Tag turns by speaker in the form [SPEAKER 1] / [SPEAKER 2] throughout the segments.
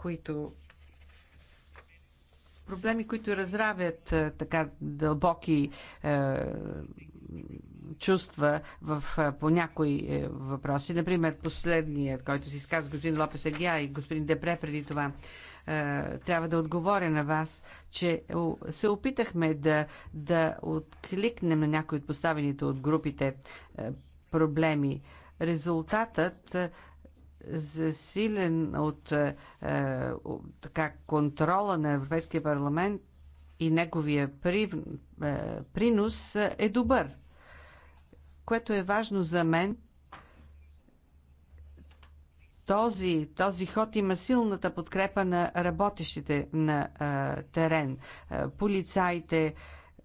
[SPEAKER 1] които проблеми, които разравят е, така дълбоки е, чувства в, е, по някои е, въпроси. Например, последният, който се изказа господин Лопес Агия и господин Депре преди това, е, трябва да отговоря на вас, че се опитахме да, да откликнем на някои от поставените от групите е, проблеми. Резултатът е, засилен от е, е така, контрола на Европейския парламент и неговия при, е, принос е добър. Което е важно за мен, този, този ход има силната подкрепа на работещите на е, терен, е, полицаите,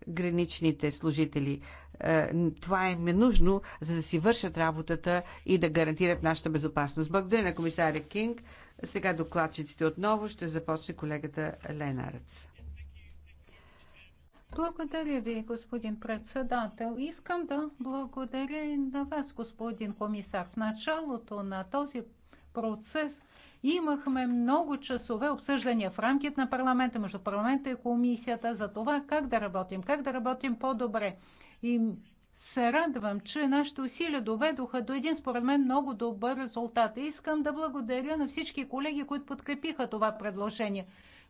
[SPEAKER 1] граничните служители. Е, това им е нужно, за да си вършат работата и да гарантират нашата безопасност. Благодаря на комисаря Кинг. Сега докладчиците отново ще започне колегата Ленарец.
[SPEAKER 2] Благодаря ви, господин председател. Искам да благодаря и на вас, господин комисар. В началото на този процес имахме много часове обсъждания в рамките на парламента, между парламента и комисията за това как да работим, как да работим по-добре. И се радвам, че нашите усилия доведоха до един, според мен, много добър резултат. И искам да благодаря на всички колеги, които подкрепиха това предложение.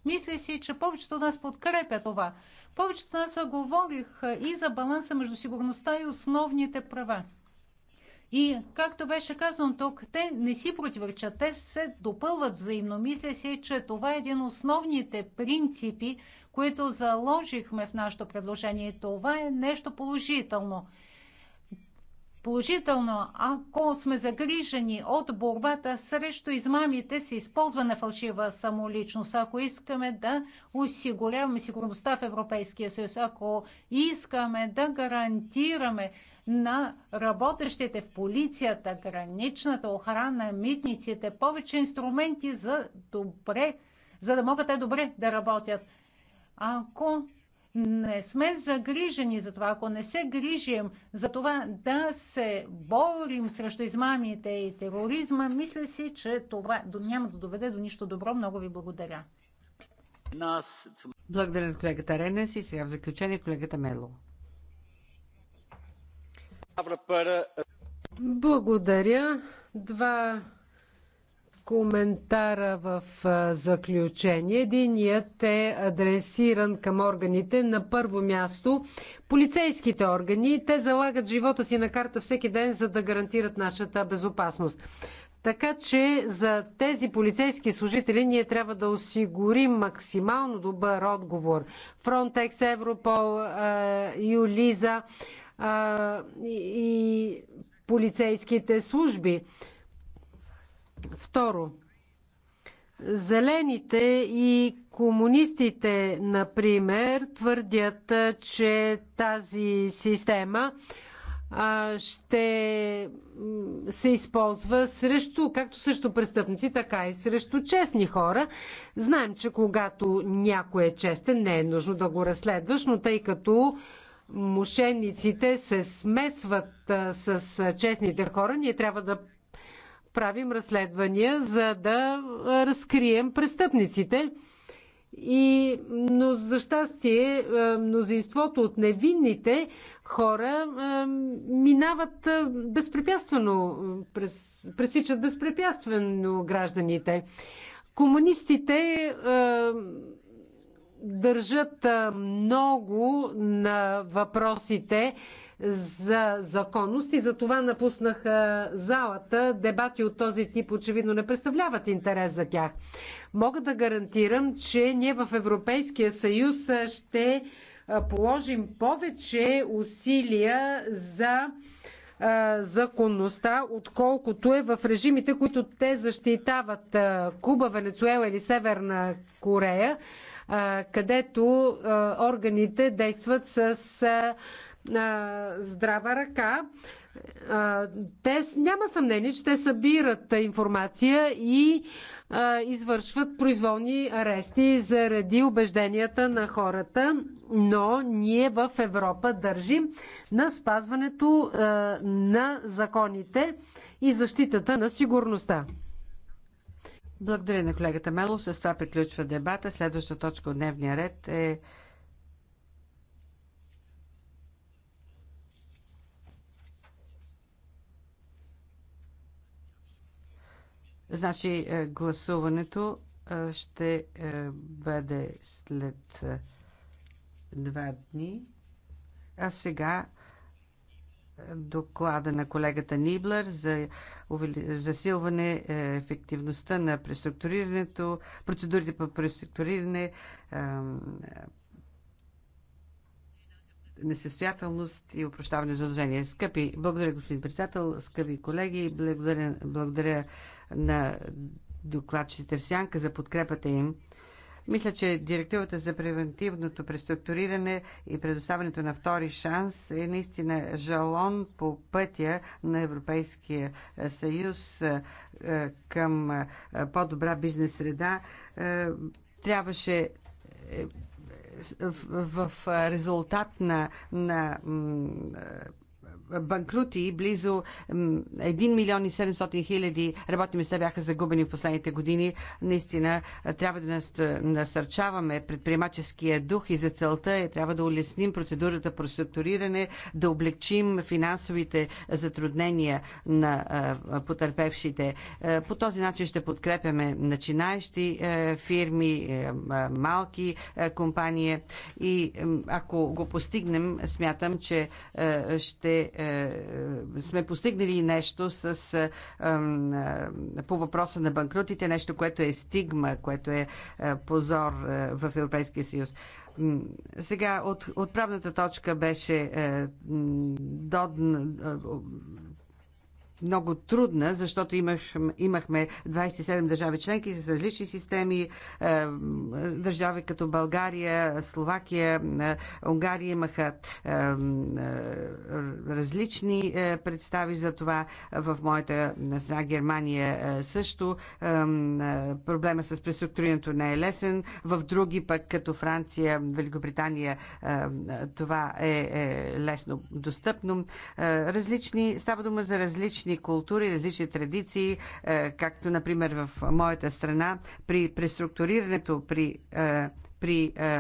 [SPEAKER 2] Мисля си, че повечето от нас подкрепя това. Повечето от нас говорих и за баланса между сигурността и основните права. И, както беше казано тук, те не си противоречат, те се допълват взаимно. Мисля си, че това е един от основните принципи, които заложихме в нашето предложение. Това е нещо положително. Положително, ако сме загрижени от борбата срещу измамите се използва на фалшива самоличност, ако искаме да осигуряваме сигурността в Европейския съюз, ако искаме да гарантираме на работещите в полицията, граничната охрана, митниците, повече инструменти за добре, за да могат те добре да работят ако не сме загрижени за това, ако не се грижим за това да се борим срещу измамите и тероризма, мисля си, че това няма да доведе до нищо добро. Много ви благодаря.
[SPEAKER 1] Благодаря на колегата Ренес и сега в заключение колегата Мело. Благодаря. Два
[SPEAKER 3] коментара в заключение. Единият е адресиран към органите. На първо място полицейските органи. Те залагат живота си на карта всеки ден, за да гарантират нашата безопасност. Така че за тези полицейски служители ние трябва да осигурим максимално добър отговор. Frontex, Европол, Юлиза и полицейските служби. Второ, Зелените и комунистите, например, твърдят, че тази система ще се използва срещу, както срещу престъпници, така и срещу честни хора. Знаем, че когато някой е честен, не е нужно да го разследваш, но тъй като мошенниците се смесват с честните хора, ние трябва да правим разследвания, за да разкрием престъпниците. И, но за щастие, мнозинството от невинните хора минават безпрепятствено, пресичат безпрепятствено гражданите. Комунистите държат много на въпросите за законност и за това напуснах залата. Дебати от този тип очевидно не представляват интерес за тях. Мога да гарантирам, че ние в Европейския съюз ще положим повече усилия за законността, отколкото е в режимите, които те защитават Куба, Венецуела или Северна Корея, където органите действат с здрава ръка. Те няма съмнение, че те събират информация и извършват произволни арести заради убежденията на хората, но ние в Европа държим на спазването на законите и защитата на сигурността.
[SPEAKER 1] Благодаря на колегата Мелов. С това приключва дебата. Следваща точка от дневния ред е Значи е, гласуването е, ще е, бъде след два дни. А сега доклада на колегата Ниблер за засилване ефективността на преструктурирането, процедурите по преструктуриране, несъстоятелност и упрощаване за задължения. Скъпи, благодаря господин председател, скъпи колеги, благодаря, благодаря на докладчите в Сянка за подкрепата им. Мисля, че директивата за превентивното преструктуриране и предоставянето на втори шанс е наистина жалон по пътя на Европейския съюз е, към е, по-добра бизнес среда. Е, трябваше в резултат на, на банкрути, близо 1 милион и 700 хиляди работни места бяха загубени в последните години. Наистина трябва да насърчаваме предприемаческия дух и за целта е трябва да улесним процедурата по структуриране, да облегчим финансовите затруднения на потърпевшите. По този начин ще подкрепяме начинаещи е, фирми, е, малки е, компании и ако го постигнем, смятам, че ще е, сме постигнали нещо с, е, е, по въпроса на банкрутите, нещо, което е стигма, което е позор в Европейския съюз. Сега, от, отправната точка беше е, до, много трудна, защото имаш, имахме 27 държави членки с различни системи. Е, държави като България, Словакия, е, Унгария имаха е, различни представи за това. В моята страна Германия също проблема с преструктурирането не е лесен. В други пък, като Франция, Великобритания, това е лесно достъпно. Различни, става дума за различни различни култури, различни традиции, е, както, например, в моята страна, при преструктурирането, при е, при е,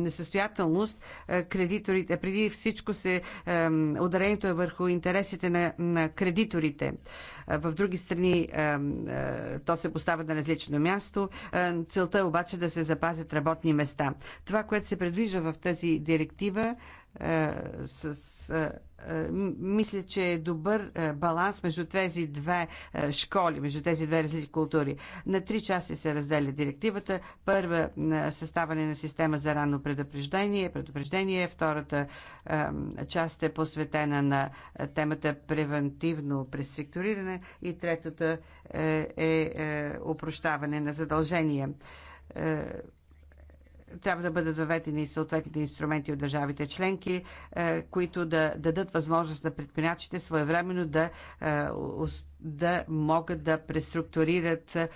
[SPEAKER 1] несъстоятелност, е, кредиторите, преди всичко се е, ударението е върху интересите на, на кредиторите. Е, в други страни е, е, то се поставя на различно място. Е, целта е обаче да се запазят работни места. Това, което се предвижда в тази директива, е, с, е, е, мисля, че е добър баланс между тези две школи, между тези две различни култури. На три части се разделя директивата. Първа съставане на система за ранно предупреждение, предупреждение. Втората част е посветена на темата превентивно преструктуриране и третата е, е, е упрощаване на задължения трябва да бъдат въведени съответните инструменти от държавите членки, е, които да дадат възможност на предприятите своевременно да, е, да могат да преструктурират, е,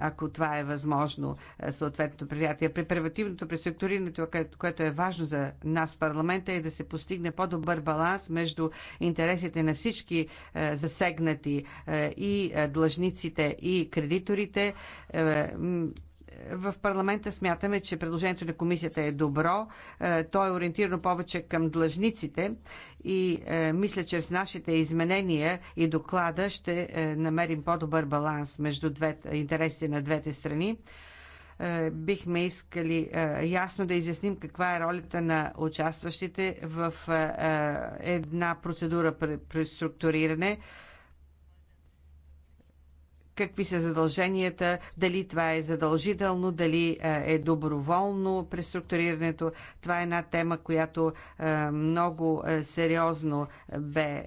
[SPEAKER 1] ако това е възможно, съответното предприятие. При превативното преструктуриране, което е важно за нас в парламента, е да се постигне по-добър баланс между интересите на всички засегнати и длъжниците и кредиторите в парламента смятаме, че предложението на комисията е добро. Е, то е ориентирано повече към длъжниците и е, мисля, че с нашите изменения и доклада ще е, намерим по-добър баланс между двете, интересите на двете страни. Бихме искали ясно да изясним каква е ролята на участващите в една процедура при структуриране какви са задълженията, дали това е задължително, дали е, е доброволно преструктурирането. Това е една тема, която е, много е, сериозно бе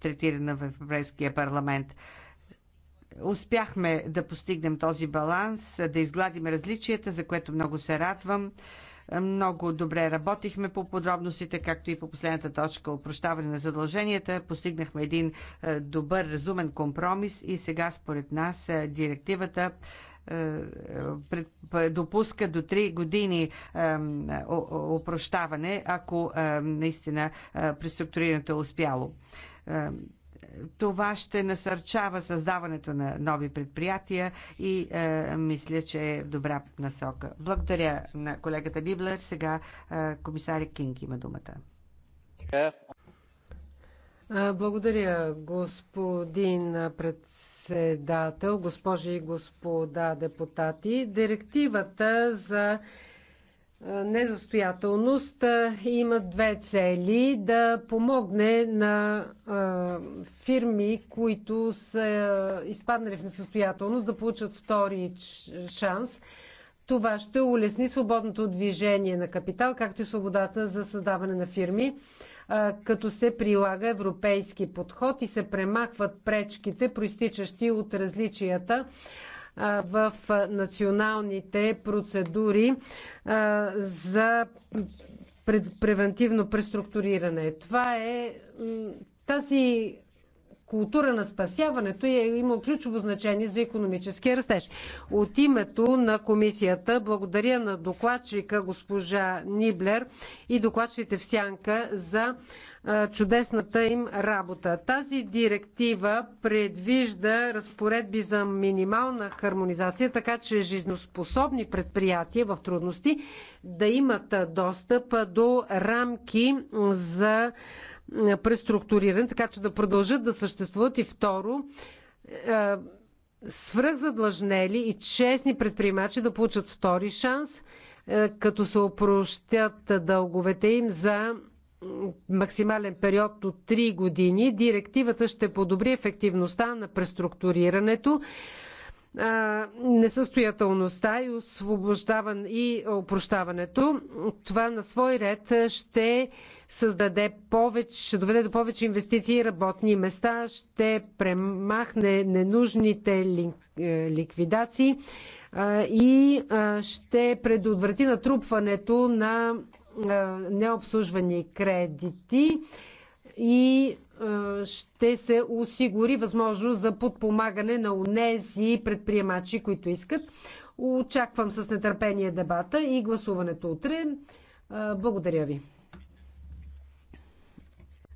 [SPEAKER 1] третирана в Европейския парламент успяхме да постигнем този баланс, да изгладим различията, за което много се радвам. Много добре работихме по подробностите, както и по последната точка опрощаване на задълженията. Постигнахме един е, добър, разумен компромис и сега според нас е, директивата е, допуска до 3 години опрощаване, ако наистина преструктурирането е успяло това ще насърчава създаването на нови предприятия и е, мисля, че е в добра насока. Благодаря на колегата Диблер. Сега е, комисари Кинг има думата.
[SPEAKER 4] Е,
[SPEAKER 3] благодаря, господин председател, госпожи и господа депутати. Директивата за е, незастоятелност е, има две цели. Да помогне на е, фирми, които са изпаднали в несъстоятелност, да получат втори шанс. Това ще улесни свободното движение на капитал, както и свободата за създаване на фирми, като се прилага европейски подход и се премахват пречките, проистичащи от различията в националните процедури за превентивно преструктуриране. Това е тази култура на спасяването е има ключово значение за економическия растеж. От името на комисията благодаря на докладчика госпожа Ниблер и докладчите в Сянка за чудесната им работа. Тази директива предвижда разпоредби за минимална хармонизация, така че жизноспособни предприятия в трудности да имат достъп до рамки за преструктуриране, така че да продължат да съществуват. И второ, свръхзадлъжнели и честни предприемачи да получат втори шанс, като се опрощят дълговете им за максимален период от 3 години. Директивата ще подобри ефективността на преструктурирането, несъстоятелността и, освобождаване, и опрощаването. Това на свой ред ще създаде повече, ще доведе до повече инвестиции и работни места, ще премахне ненужните е, ликвидации и ще предотврати натрупването на необслужвани кредити и е, ще се осигури възможност за подпомагане на унези предприемачи, които искат. Очаквам с нетърпение дебата и гласуването
[SPEAKER 1] утре. Е, благодаря ви.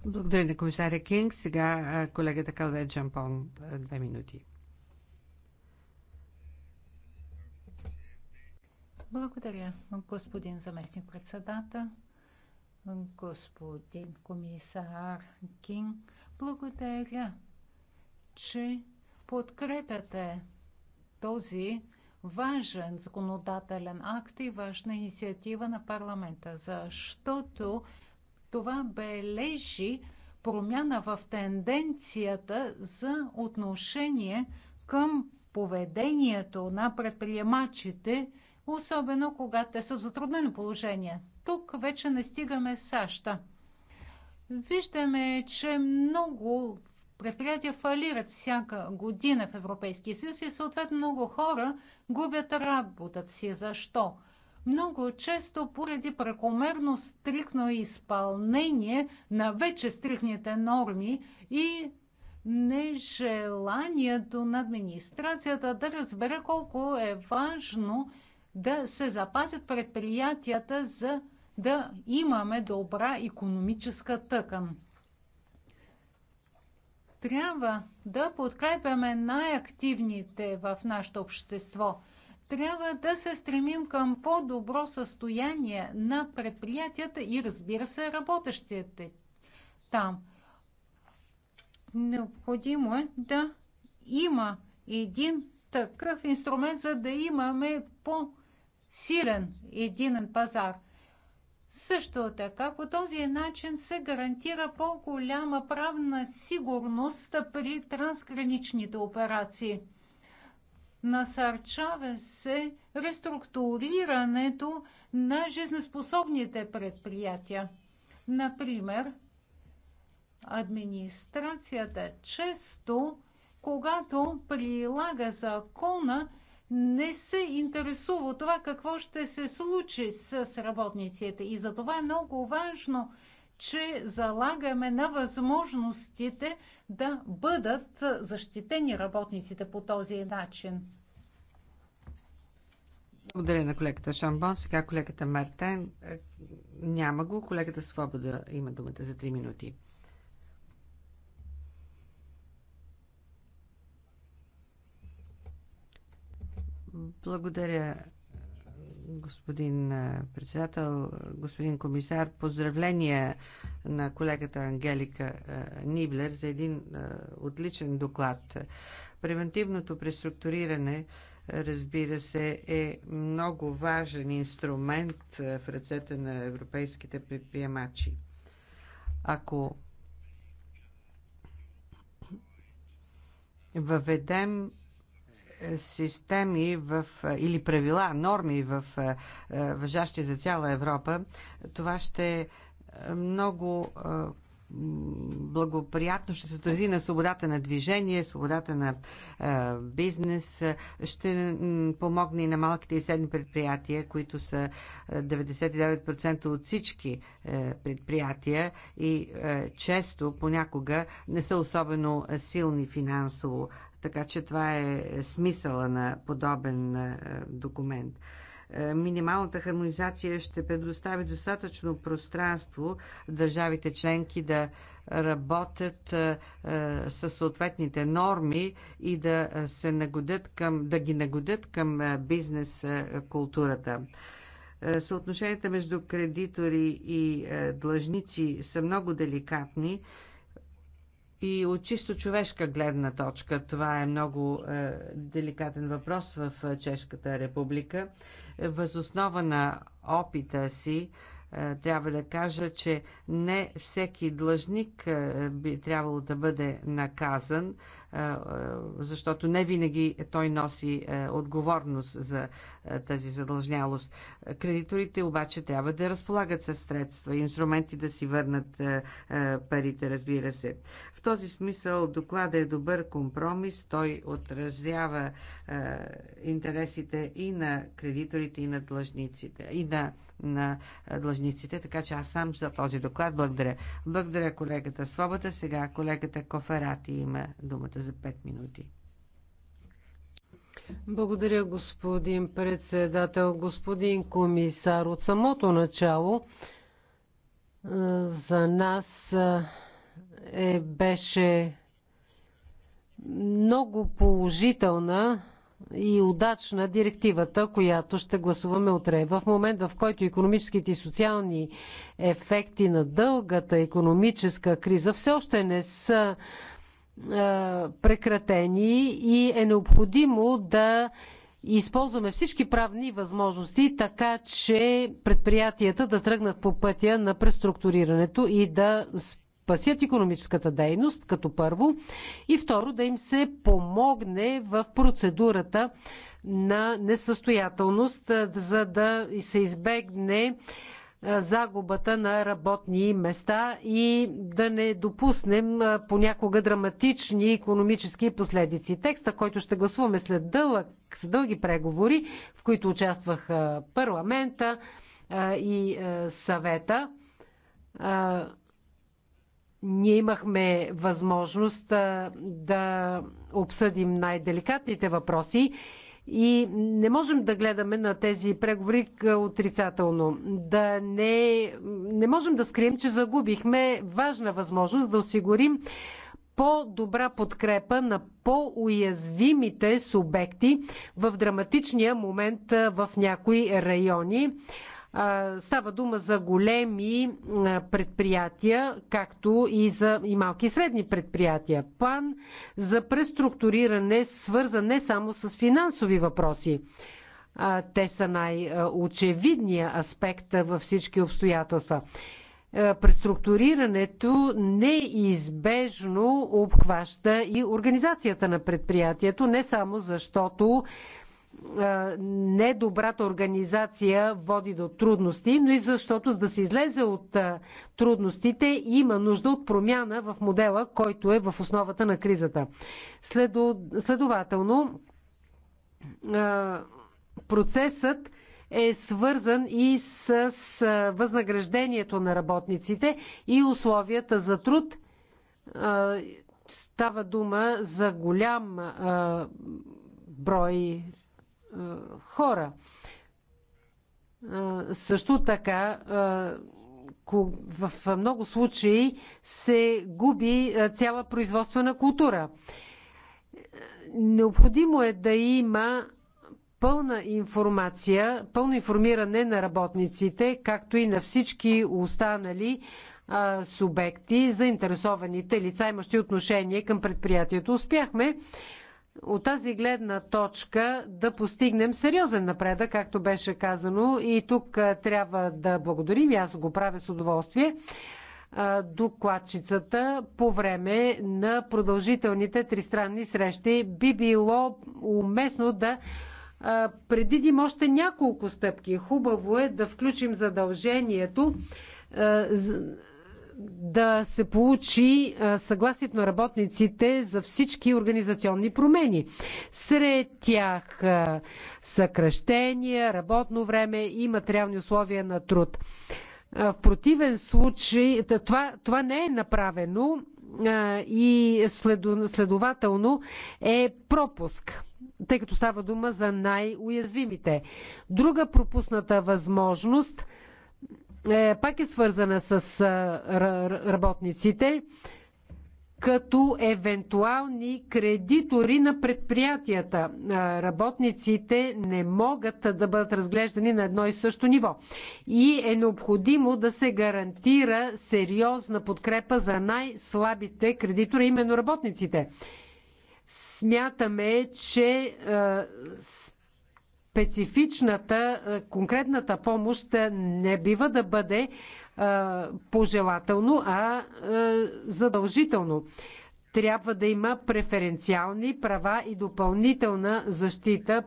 [SPEAKER 1] Благодаря на комисаря Кинг. Сега е, колегата Калве Джампон. Две минути.
[SPEAKER 2] Благодаря, господин заместник председател, господин комисар Кинг. Благодаря, че подкрепяте този важен законодателен акт и важна инициатива на парламента, защото това бележи промяна в тенденцията за отношение към поведението на предприемачите особено когато те са в затруднено положение. Тук вече не стигаме САЩ. Виждаме, че много предприятия фалират всяка година в Европейския съюз и съответно много хора губят работата си. Защо? Много често поради прекомерно стрикно изпълнение на вече стрикните норми и нежеланието на администрацията да разбере колко е важно да се запазят предприятията, за да имаме добра економическа тъкан. Трябва да подкрепяме най-активните в нашето общество. Трябва да се стремим към по-добро състояние на предприятията и разбира се работещите там. Необходимо е да има един такъв инструмент, за да имаме по- силен единен пазар. Също така по този начин се гарантира по-голяма правна сигурност при трансграничните операции. Насърчава се реструктурирането на жизнеспособните предприятия. Например, администрацията често, когато прилага закона, не се интересува това какво ще се случи с работниците. И за това е много важно, че залагаме на възможностите да бъдат защитени работниците по този начин.
[SPEAKER 1] Благодаря на колегата Шамбон. Сега колегата Мартен е, няма го. Колегата Свобода има думата за 3 минути. Благодаря, господин председател, господин комисар. Поздравления на колегата Ангелика Ниблер за един отличен доклад. Превентивното преструктуриране разбира се, е много важен инструмент в ръцете на европейските предприемачи. Ако въведем системи в, или правила, норми в е, е, въжащи за цяла Европа, това ще е, много благоприятно ще се отрази на свободата на движение, свободата на е, бизнес, ще помогне и на малките и средни предприятия, които са 99% от всички е, предприятия и е, често понякога не са особено силни финансово така че това е смисъла на подобен е, документ. Е, минималната хармонизация ще предостави достатъчно пространство държавите членки да работят е, със съответните норми и да, се нагодят към, да ги нагодят към бизнес културата съотношенията между кредитори и длъжници са много деликатни и от чисто човешка гледна точка, това е много е, деликатен въпрос в е, Чешката република. Възоснова на опита си, е, трябва да кажа, че не всеки длъжник е, би трябвало да бъде наказан, е, е защото не винаги той носи е, отговорност за е, тази задължнялост. Кредиторите обаче трябва да разполагат със средства, инструменти да си върнат е, е, парите, разбира се. В този смисъл доклада е добър компромис. Той отразява интересите и на кредиторите, и на длъжниците, и на, на длъжниците. Така че аз сам за този доклад благодаря. Благодаря колегата Свобода. Сега колегата Коферати има думата за 5 минути.
[SPEAKER 3] Благодаря, господин председател, господин комисар. От самото начало за нас е, беше много положителна и удачна директивата, която ще гласуваме утре. В момент, в който економическите и социални ефекти на дългата економическа криза все още не са е, прекратени и е необходимо да използваме всички правни възможности, така че предприятията да тръгнат по пътя на преструктурирането и да спасят економическата дейност, като първо, и второ, да им се помогне в процедурата на несъстоятелност, е, за да се избегне е, загубата на работни места и да не допуснем е, понякога драматични економически последици. Текста, който ще гласуваме след, дълъг, след дълги преговори, в които участваха парламента е, и съвета, ние имахме възможност да обсъдим най-деликатните въпроси и не можем да гледаме на тези преговори отрицателно. Да не, не можем да скрием, че загубихме важна възможност да осигурим по-добра подкрепа на по-уязвимите субекти в драматичния момент в някои райони. Става дума за големи предприятия, както и за и малки и средни предприятия. План за преструктуриране свързан не само с финансови въпроси. Те са най-очевидният аспект във всички обстоятелства преструктурирането неизбежно обхваща и организацията на предприятието, не само защото недобрата организация води до трудности, но и защото за да се излезе от трудностите има нужда от промяна в модела, който е в основата на кризата. следователно, процесът е свързан и с възнаграждението на работниците и условията за труд. Става дума за голям брой хора. Също така, в много случаи се губи цяла производствена култура. Необходимо е да има пълна информация, пълно информиране на работниците, както и на всички останали субекти, заинтересованите лица, имащи отношение към предприятието. Успяхме от тази гледна точка да постигнем сериозен напредък, както беше казано. И тук трябва да благодарим, и аз го правя с удоволствие, докладчицата по време на продължителните тристранни срещи. Би било уместно да предидим още няколко стъпки. Хубаво е да включим задължението да се получи съгласието на работниците за всички организационни промени. Сред тях съкръщения, работно време и материални условия на труд. В противен случай това, това не е направено и следователно е пропуск, тъй като става дума за най-уязвимите. Друга пропусната възможност – е, пак е свързана с работниците като евентуални кредитори на предприятията. Работниците не могат да бъдат разглеждани на едно и също ниво. И е необходимо да се гарантира сериозна подкрепа за най-слабите кредитори, именно работниците. Смятаме, че специфичната, конкретната помощ не бива да бъде пожелателно, а задължително. Трябва да има преференциални права и допълнителна защита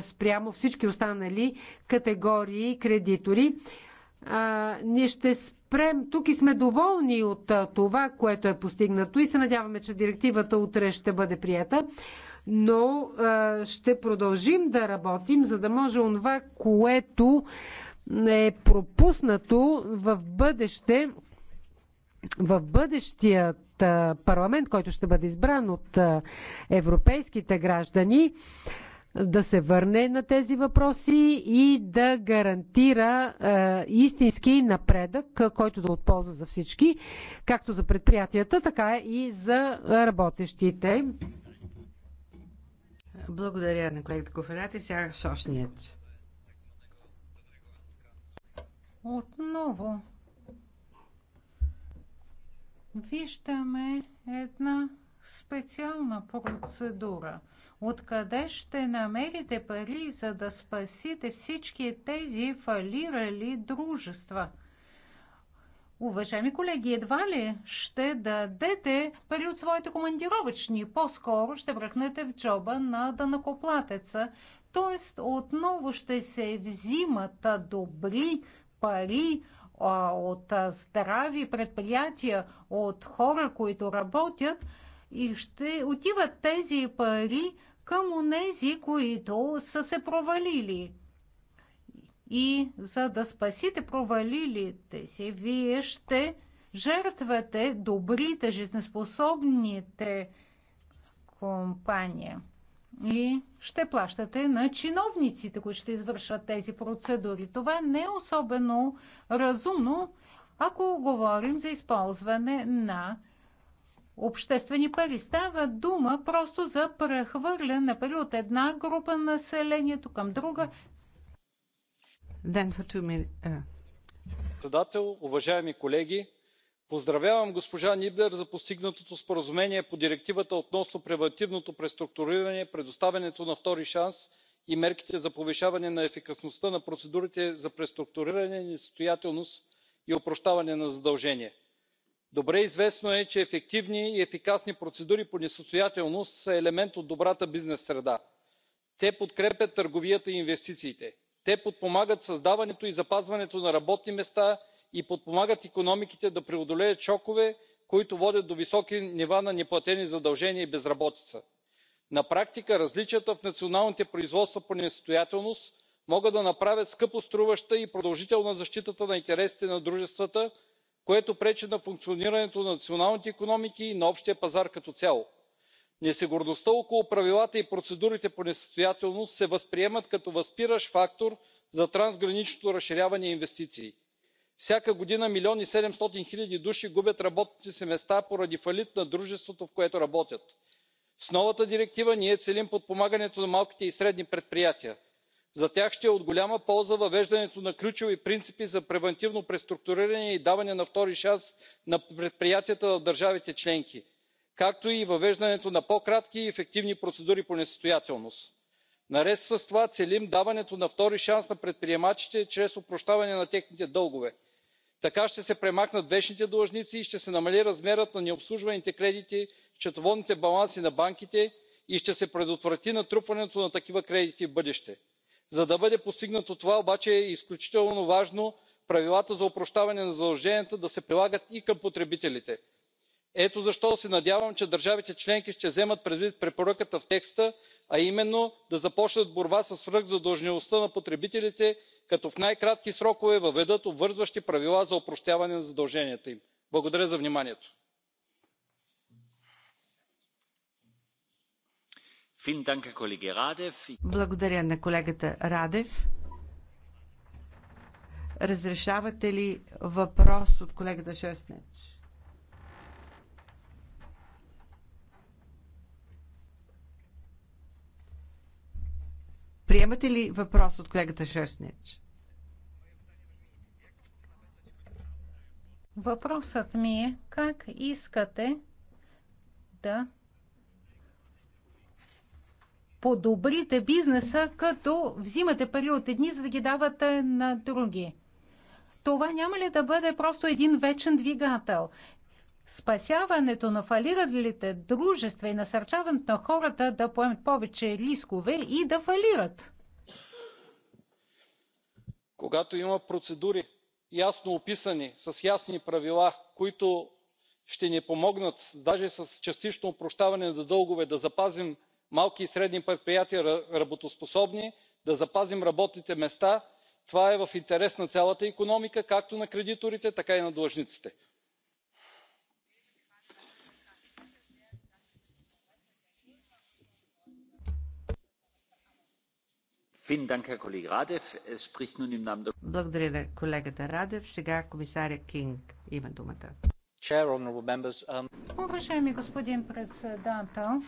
[SPEAKER 3] спрямо всички останали категории кредитори. А, ние ще спрем тук и сме доволни от това, което е постигнато и се надяваме, че директивата утре ще бъде прията но ще продължим да работим, за да може онова, което е пропуснато в бъдеще, в бъдещият парламент, който ще бъде избран от европейските граждани, да се върне на тези въпроси и да гарантира а, истински напредък, който да отползва за всички, както за предприятията, така и за работещите.
[SPEAKER 1] Благодаря на колегата и Сега Сошният. Отново виждаме
[SPEAKER 2] една специална процедура. Откъде ще намерите пари, за да спасите всички тези фалирали дружества – Уважаеми колеги, едва ли ще дадете пари от своите командировъчни, по-скоро ще бръкнете в джоба на данакоплатеца. Тоест отново ще се взимат добри пари от здрави предприятия, от хора, които работят и ще отиват тези пари към онези, които са се провалили – и за да спасите провалилите си, вие ще жертвате добрите, жизнеспособните компании. И ще плащате на чиновниците, които ще извършват тези процедури. Това не е особено разумно, ако говорим за използване на обществени пари. Става дума просто за прехвърляне на пари от една група населението към друга, Uh.
[SPEAKER 4] председател уважаеми колеги! поздравявам госпожа ниблер за постигнатото споразумение по директивата относно превантивното преструктуриране предоставянето на втори шанс и мерките за повишаване на ефикасността на процедурите за преструктуриране несъстоятелност и опрощаване на задължения. добре известно е че ефективни и ефикасни процедури по несъстоятелност са елемент от добрата бизнес среда. те подкрепят търговията и инвестициите те подпомагат създаването и запазването на работни места и подпомагат икономиките да преодолеят шокове които водят до високи нива на неплатени задължения и безработица. на практика различията в националните производства по несъстоятелност могат да направят скъпоструваща и продължителна защитата на интересите на дружествата което пречи на функционирането на националните икономики и на общия пазар като цяло несигурността около правилата и процедурите по несъстоятелност се възприемат като възпиращ фактор за трансграничното разширяване и инвестиции. всяка година милион и седемстотин хиляди души губят работните си места поради фалит на дружеството в което работят. с новата директива ние целим подпомагането на малките и средни предприятия. за тях ще е от голяма полза въвеждането на ключови принципи за превантивно преструктуриране и даване на втори шанс на предприятията в държавите членки както и въвеждането на по кратки и ефективни процедури по несъстоятелност. наред с това целим даването на втори шанс на предприемачите чрез опрощаване на техните дългове. така ще се премахнат вечните длъжници и ще се намали размерът на необслужваните кредити в счетоводните баланси на банките и ще се предотврати натрупването на такива кредити в бъдеще. за да бъде постигнато това обаче е изключително важно правилата за опрощаване на задълженията да се прилагат и към потребителите ето защо се надявам че държавите членки ще вземат предвид препоръката в текста а именно да започнат борба със свръхзадлъжнялостта на потребителите като в най кратки срокове въведат обвързващи правила за опрощаване на задълженията им. благодаря за вниманието.
[SPEAKER 1] благодаря на колегата радев. разрешавате ли въпрос от колегата шестнец? Приемате ли въпрос от колегата Шерснич?
[SPEAKER 2] Въпросът ми е как искате да подобрите бизнеса, като взимате пари от едни, за да ги давате на други. Това няма ли да бъде просто един вечен двигател? спасяването на фалиралите дружества и насърчаването на хората да поемат повече рискове и да фалират.
[SPEAKER 4] Когато има процедури ясно описани, с ясни правила, които ще ни помогнат даже с частично опрощаване на дългове да запазим малки и средни предприятия работоспособни, да запазим работните места, това е в интерес на цялата икономика както на кредиторите така и на длъжниците.
[SPEAKER 1] Благодаря на колегата Радев. Сега комисаря Кинг има думата.
[SPEAKER 4] Um,
[SPEAKER 2] Уважаеми господин председател,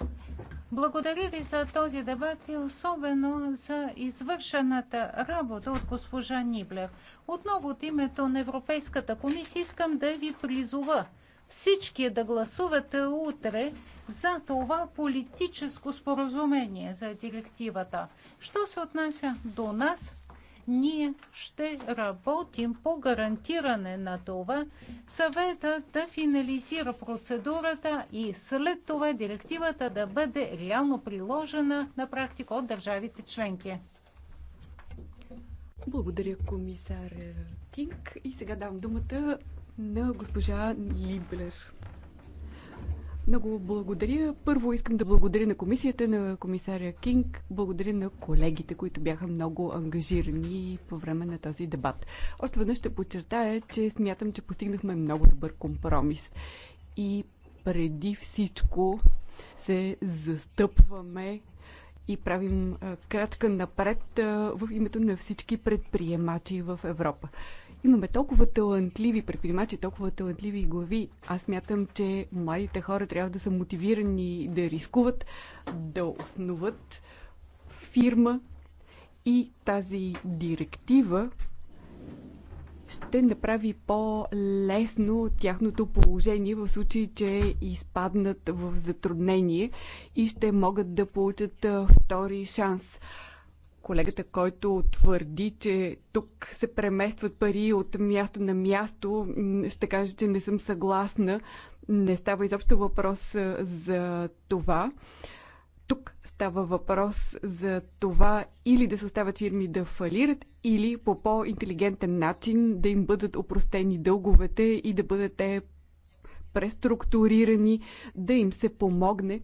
[SPEAKER 2] благодаря ви за този дебат и особено за извършената работа от госпожа Ниблер. Отново от името на Европейската комисия искам да ви призова – всички да гласувате утре за това политическо споразумение за директивата. Що се отнася до нас, ние ще работим по гарантиране на това съвета да финализира процедурата и след това директивата да бъде реално приложена на практика от
[SPEAKER 5] държавите членки. Благодаря, комисар Кинг. И сега давам думата на госпожа Либлер. Много благодаря. Първо искам да благодаря на комисията, на комисаря Кинг, благодаря на колегите, които бяха много ангажирани по време на този дебат. Още веднъж ще подчертая, че смятам, че постигнахме много добър компромис. И преди всичко се застъпваме и правим крачка напред в името на всички предприемачи в Европа. Имаме толкова талантливи предприемачи, толкова талантливи глави. Аз мятам, че младите хора трябва да са мотивирани да рискуват, да основат фирма и тази директива ще направи по-лесно тяхното положение в случай, че изпаднат в затруднение и ще могат да получат втори шанс. Колегата, който твърди, че тук се преместват пари от място на място, ще кажа, че не съм съгласна. Не става изобщо въпрос за това. Тук става въпрос за това или да се оставят фирми да фалират, или по по-интелигентен начин да им бъдат опростени дълговете и да бъдат те преструктурирани, да им се помогне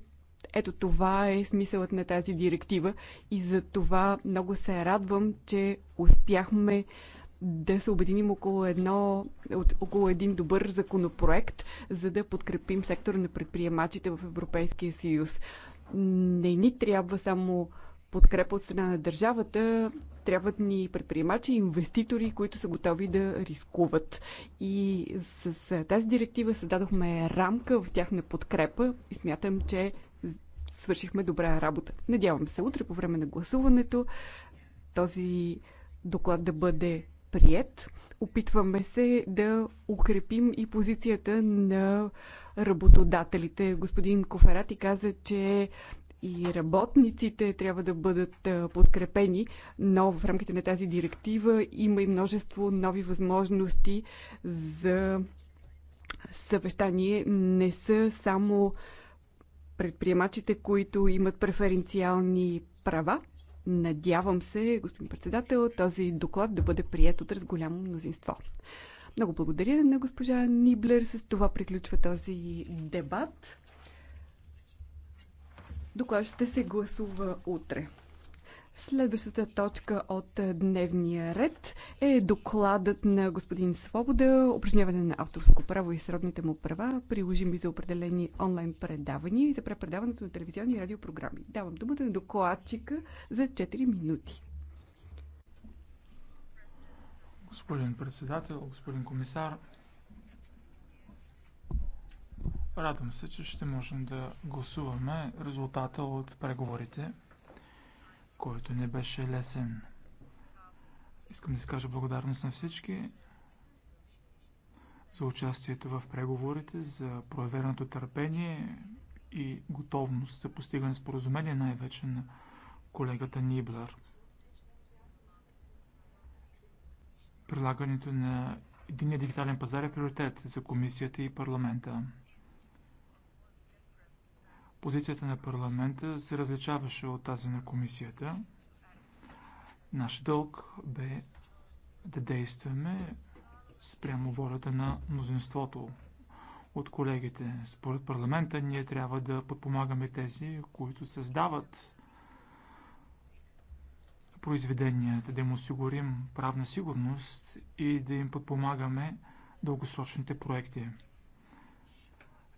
[SPEAKER 5] ето това е смисълът на тази директива и за това много се радвам, че успяхме да се обединим около, едно, от, около един добър законопроект, за да подкрепим сектора на предприемачите в Европейския съюз. Не ни трябва само подкрепа от страна на държавата, трябват ни предприемачи, инвеститори, които са готови да рискуват. И с тази директива създадохме рамка в тяхна подкрепа и смятам, че свършихме добра работа. Надявам се утре по време на гласуването този доклад да бъде прият. Опитваме се да укрепим и позицията на работодателите. Господин Коферати каза, че и работниците трябва да бъдат подкрепени, но в рамките на тази директива има и множество нови възможности за съвещание. Не са само предприемачите, които имат преференциални права. Надявам се, господин председател, този доклад да бъде прият от разголямо голямо мнозинство. Много благодаря на госпожа Ниблер. С това приключва този дебат. Доклад ще се гласува утре. Следващата точка от дневния ред е докладът на господин Свобода, упражняване на авторско право и сродните му права, приложими за определени онлайн предавания и за препредаването на телевизионни и радиопрограми. Давам думата на докладчика за
[SPEAKER 6] 4 минути. Господин председател, господин комисар, радвам се, че ще можем да гласуваме резултата от преговорите който не беше лесен. Искам да изкажа благодарност на всички за участието в преговорите, за проявеното търпение и готовност за постигане споразумение, най-вече на колегата Ниблер. Прилагането на единия дигитален пазар е приоритет за комисията и парламента. Позицията на парламента се различаваше от тази на комисията. Наш дълг бе да действаме спрямо волята на мнозинството от колегите. Според парламента ние трябва да подпомагаме тези, които създават произведенията, да им осигурим правна сигурност и да им подпомагаме дългосрочните проекти.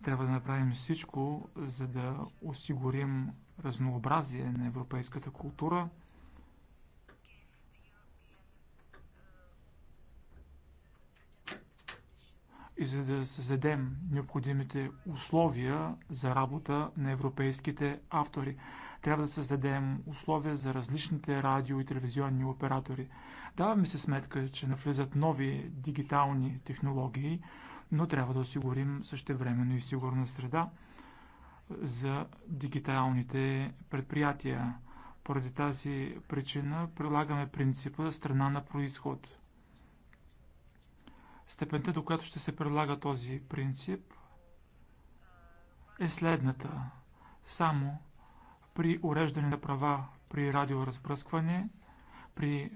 [SPEAKER 6] Трябва да направим всичко, за да осигурим разнообразие на европейската култура. и за да създадем необходимите условия за работа на европейските автори. Трябва да създадем условия за различните радио и телевизионни оператори. Даваме се сметка, че навлизат нови дигитални технологии – но трябва да осигурим същевременно и сигурна среда за дигиталните предприятия. Поради тази причина прилагаме принципа страна на происход. Степента, до която ще се прилага този принцип, е следната. Само при уреждане на права при радиоразпръскване, при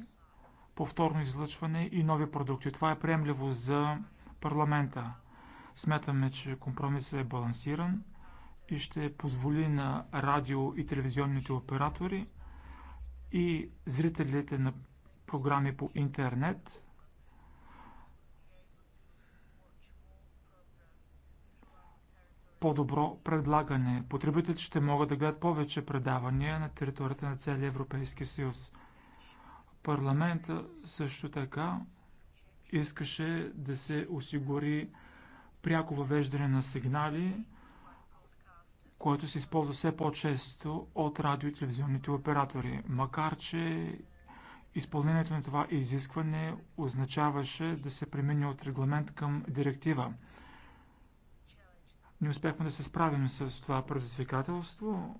[SPEAKER 6] повторно излъчване и нови продукти. Това е приемливо за парламента. Смятаме, че компромисът е балансиран и ще позволи на радио и телевизионните оператори и зрителите на програми по интернет по-добро предлагане. Потребителите ще могат да гледат повече предавания на територията на целия Европейски съюз. Парламента също така искаше да се осигури пряко въвеждане на сигнали, което се използва все по-често от радио и телевизионните оператори, макар че изпълнението на това изискване означаваше да се премине от регламент към директива. Не успяхме да се справим с това предизвикателство,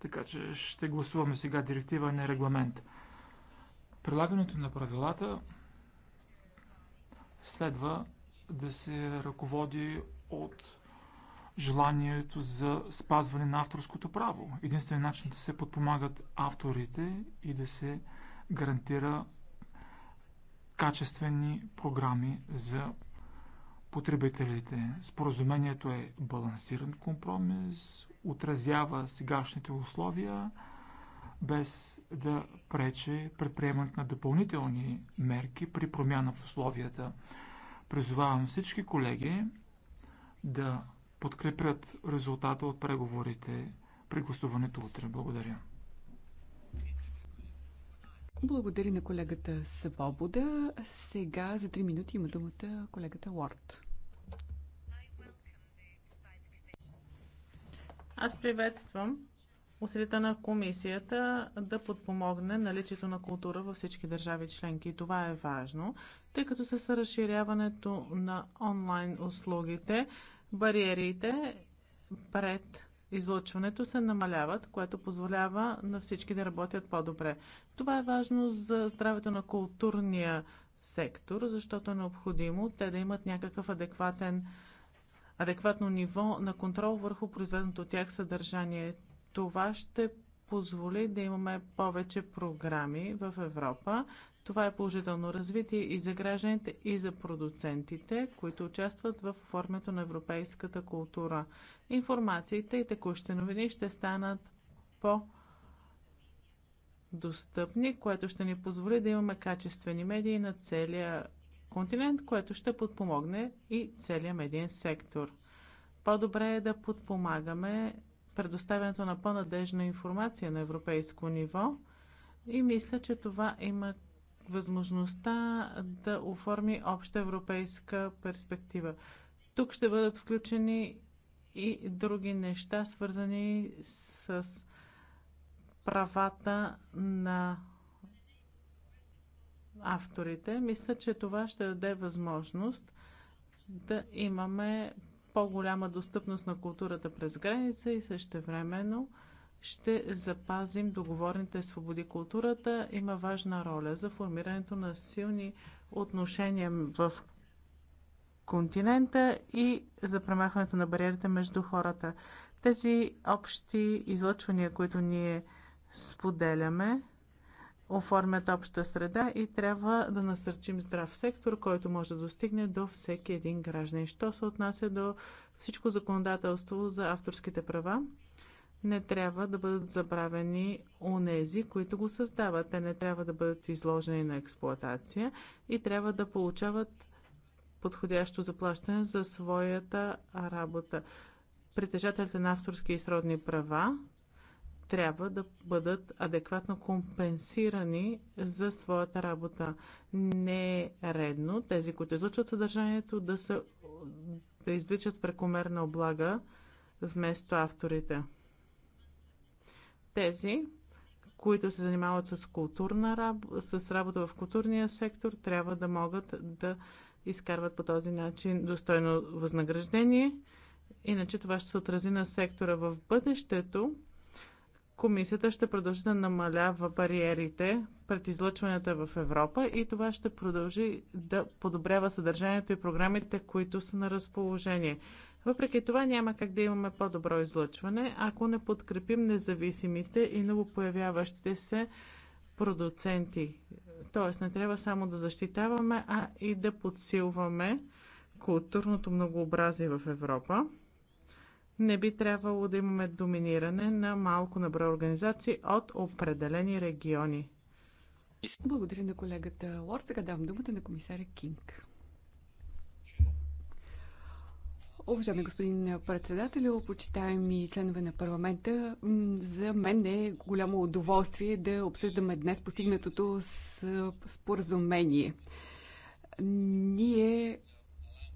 [SPEAKER 6] така че ще гласуваме сега директива, а не регламент. Прилагането на правилата следва да се ръководи от желанието за спазване на авторското право. Единственият начин да се подпомагат авторите и да се гарантира качествени програми за потребителите. Споразумението е балансиран компромис, отразява сегашните условия без да пречи предприемането на допълнителни мерки при промяна в условията. Призовавам всички колеги да подкрепят резултата от преговорите при гласуването утре. Благодаря.
[SPEAKER 5] Благодаря на колегата Свобода. Сега за 3 минути има думата колегата Уорд.
[SPEAKER 7] Аз приветствам усилията на комисията да подпомогне наличието на култура във всички държави членки. Това е важно, тъй като с разширяването на онлайн услугите, бариерите пред излъчването се намаляват, което позволява на всички да работят по-добре. Това е важно за здравето на културния сектор, защото е необходимо те да имат някакъв адекватен адекватно ниво на контрол върху произведеното от тях съдържание. Това ще позволи да имаме повече програми в Европа. Това е положително развитие и за гражданите, и за продуцентите, които участват в оформянето на европейската култура. Информациите и текущите новини ще станат по- достъпни, което ще ни позволи да имаме качествени медии на целия континент, което ще подпомогне и целия медиен сектор. По-добре е да подпомагаме предоставянето на по-надежна информация на европейско ниво и мисля, че това има възможността да оформи обща европейска перспектива. Тук ще бъдат включени и други неща, свързани с правата на авторите. Мисля, че това ще даде възможност да имаме по-голяма достъпност на културата през граница и същевременно ще запазим договорните свободи. Културата има важна роля за формирането на силни отношения в континента и за премахването на бариерите между хората. Тези общи излъчвания, които ние споделяме, оформят обща среда и трябва да насърчим здрав сектор, който може да достигне до всеки един граждан. Що се отнася до всичко законодателство за авторските права, не трябва да бъдат забравени онези, които го създават. Те не трябва да бъдат изложени на експлоатация и трябва да получават подходящо заплащане за своята работа. Притежателите на авторски и сродни права трябва да бъдат адекватно компенсирани за своята работа. Не е редно тези, които излъчват съдържанието, да, са, да извличат прекомерна облага вместо авторите. Тези, които се занимават с, културна, с работа в културния сектор, трябва да могат да изкарват по този начин достойно възнаграждение. Иначе това ще се отрази на сектора в бъдещето Комисията ще продължи да намалява бариерите пред излъчванията в Европа и това ще продължи да подобрява съдържанието и програмите, които са на разположение. Въпреки това няма как да имаме по-добро излъчване, ако не подкрепим независимите и новопоявяващите се продуценти. Тоест не трябва само да защитаваме, а и да подсилваме културното многообразие в Европа не би трябвало да имаме доминиране на малко на брой организации от определени региони. Благодаря на колегата Лорд. Сега давам думата на комисаря
[SPEAKER 5] Кинг. Уважаеми господин председател, почитаеми членове на парламента, за мен е голямо удоволствие да обсъждаме днес постигнатото с споразумение. Ние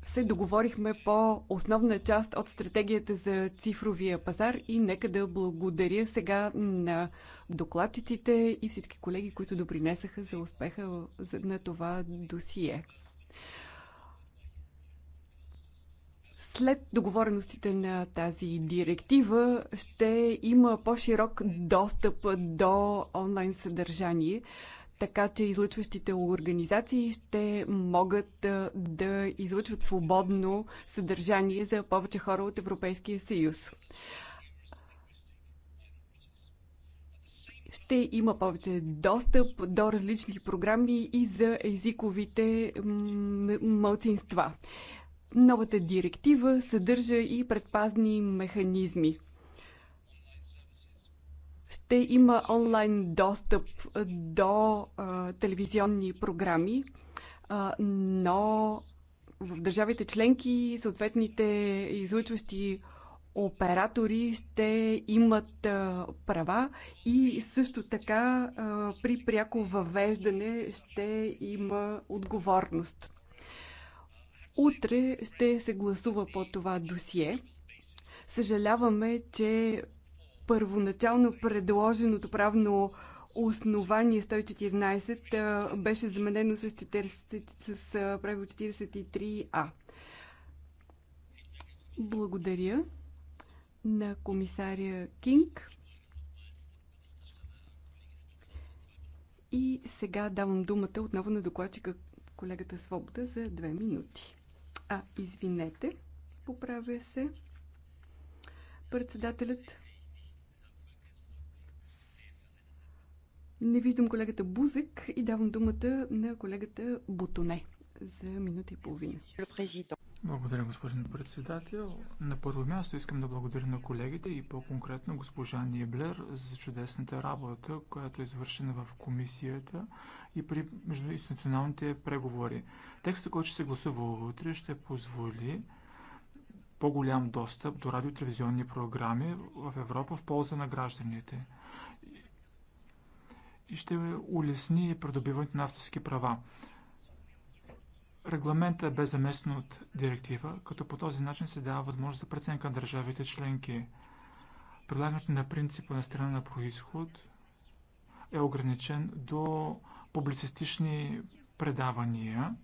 [SPEAKER 5] се договорихме по основна част от стратегията за цифровия пазар и нека да благодаря сега на докладчиците и всички колеги, които допринесаха за успеха на това досие. след договореностите на тази директива ще има по-широк достъп до онлайн съдържание така че излъчващите организации ще могат да излъчват свободно съдържание за повече хора от Европейския съюз. ще има повече достъп до различни програми и за езиковите мълцинства. Новата директива съдържа и предпазни механизми ще има онлайн достъп до а, телевизионни програми, а, но в държавите членки съответните излъчващи оператори ще имат а, права и също така а, при пряко въвеждане ще има отговорност. Утре ще се гласува по това досие. Съжаляваме, че първоначално предложеното правно основание 114 беше заменено с, 40, с правило 43А. Благодаря на комисаря Кинг. И сега давам думата отново на докладчика колегата Свобода за две минути. А, извинете, поправя се председателят. Не виждам колегата Бузек и давам думата на колегата Бутоне
[SPEAKER 6] за минута и половина. Благодаря, господин председател. На първо място искам да благодаря на колегите и по-конкретно госпожа Ниеблер за чудесната работа, която е извършена в комисията и при междуинституционалните преговори. Текстът, който ще се гласува утре, ще позволи по-голям достъп до радиотелевизионни програми в Европа в полза на гражданите и ще улесни придобиването на авторски права. Регламентът е бе заместен от директива, като по този начин се дава възможност за преценка на държавите членки. Прилагането на принципа на страна на происход е ограничен до публицистични предавания.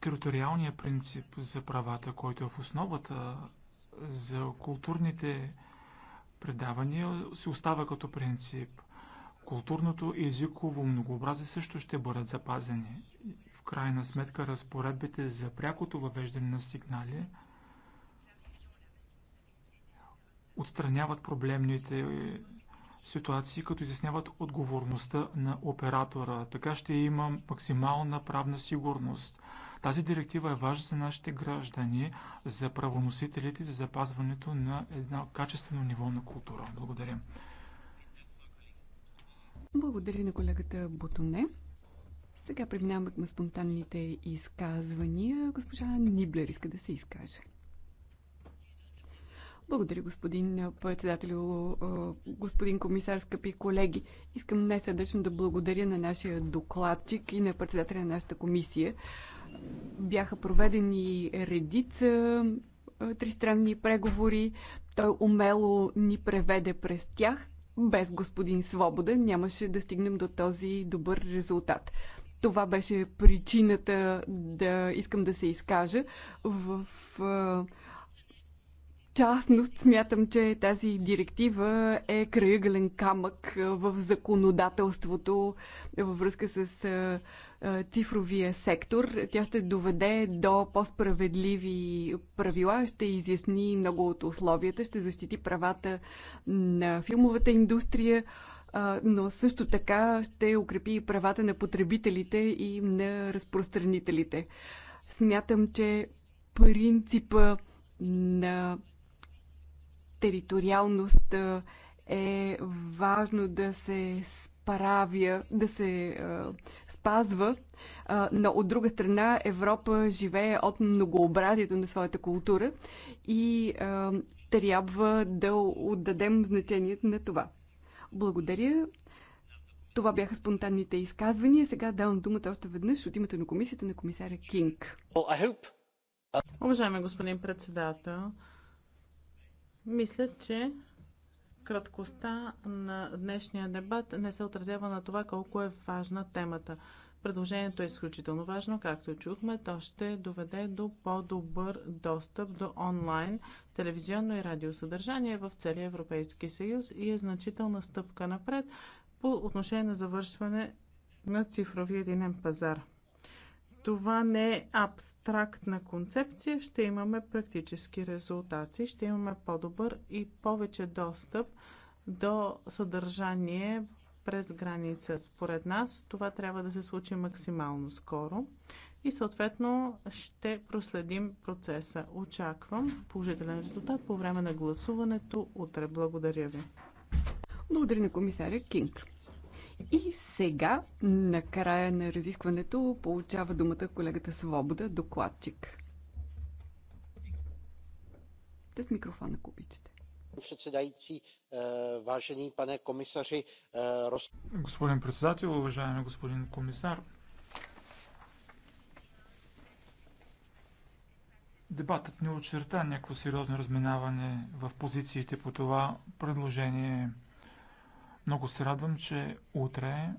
[SPEAKER 6] Териториалният принцип за правата, който е в основата за културните предавания си остава като принцип. Културното и езиково многообразие също ще бъдат запазени. В крайна сметка разпоредбите за прякото въвеждане на сигнали отстраняват проблемните ситуации, като изясняват отговорността на оператора. Така ще има максимална правна сигурност. Тази директива е важна за нашите граждани, за правоносителите и за запазването на едно качествено ниво на култура. Благодаря.
[SPEAKER 5] Благодаря на колегата Бутоне. Сега преминаваме към спонтанните изказвания. Госпожа Ниблер иска да се изкаже. Благодаря, господин председател, господин комисар, скъпи колеги. Искам най-сърдечно да благодаря на нашия докладчик и на председателя на нашата комисия бяха проведени редица тристранни преговори. Той умело ни преведе през тях. Без господин Свобода нямаше да стигнем до този добър резултат. Това беше причината да искам да се изкажа. В частност смятам, че тази директива е краъгълен камък в законодателството във връзка с цифровия сектор. Тя ще доведе до по-справедливи правила, ще изясни много от условията, ще защити правата на филмовата индустрия, но също така ще укрепи правата на потребителите и на разпространителите. Смятам, че принципа на териториалност е важно да се правя, да се а, спазва, а, но от друга страна Европа живее от многообразието на своята култура и а, трябва да отдадем значението на това. Благодаря. Това бяха спонтанните изказвания. Сега давам думата още веднъж от името на комисията на комисаря Кинг.
[SPEAKER 4] Well,
[SPEAKER 7] uh, Уважаеми господин председател, мисля, че краткостта на днешния дебат не се отразява на това колко е важна темата. Предложението е изключително важно, както чухме. То ще доведе до по-добър достъп до онлайн телевизионно и радиосъдържание в целия Европейски съюз и е значителна стъпка напред по отношение на завършване на цифровия единен пазар това не е абстрактна концепция, ще имаме практически резултати, ще имаме по-добър и повече достъп до съдържание през граница. Според нас това трябва да се случи максимално скоро и съответно ще проследим процеса. Очаквам положителен резултат по време на гласуването утре. Благодаря ви. Благодаря на комисаря Кинг. И сега,
[SPEAKER 5] на края на разискването, получава думата колегата Свобода, докладчик.
[SPEAKER 6] С микрофона, ако обичате.
[SPEAKER 4] Е, е,
[SPEAKER 6] господин председател, уважаеми господин комисар, дебатът не очерта някакво сериозно разминаване в позициите по това предложение много се радвам, че утре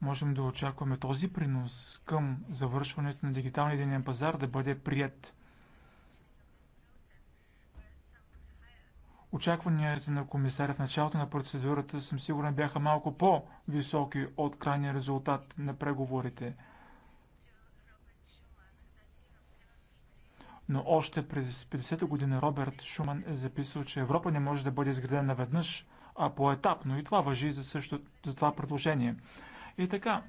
[SPEAKER 6] можем да очакваме този принос към завършването на дигиталния единен пазар да бъде прият. Очакванията на комисаря в началото на процедурата съм сигурен бяха малко по-високи от крайния резултат на преговорите – Но още през 50-та година Роберт Шуман е записал, че Европа не може да бъде изградена наведнъж, а поетапно. И това въжи за, също, за това предложение. И така,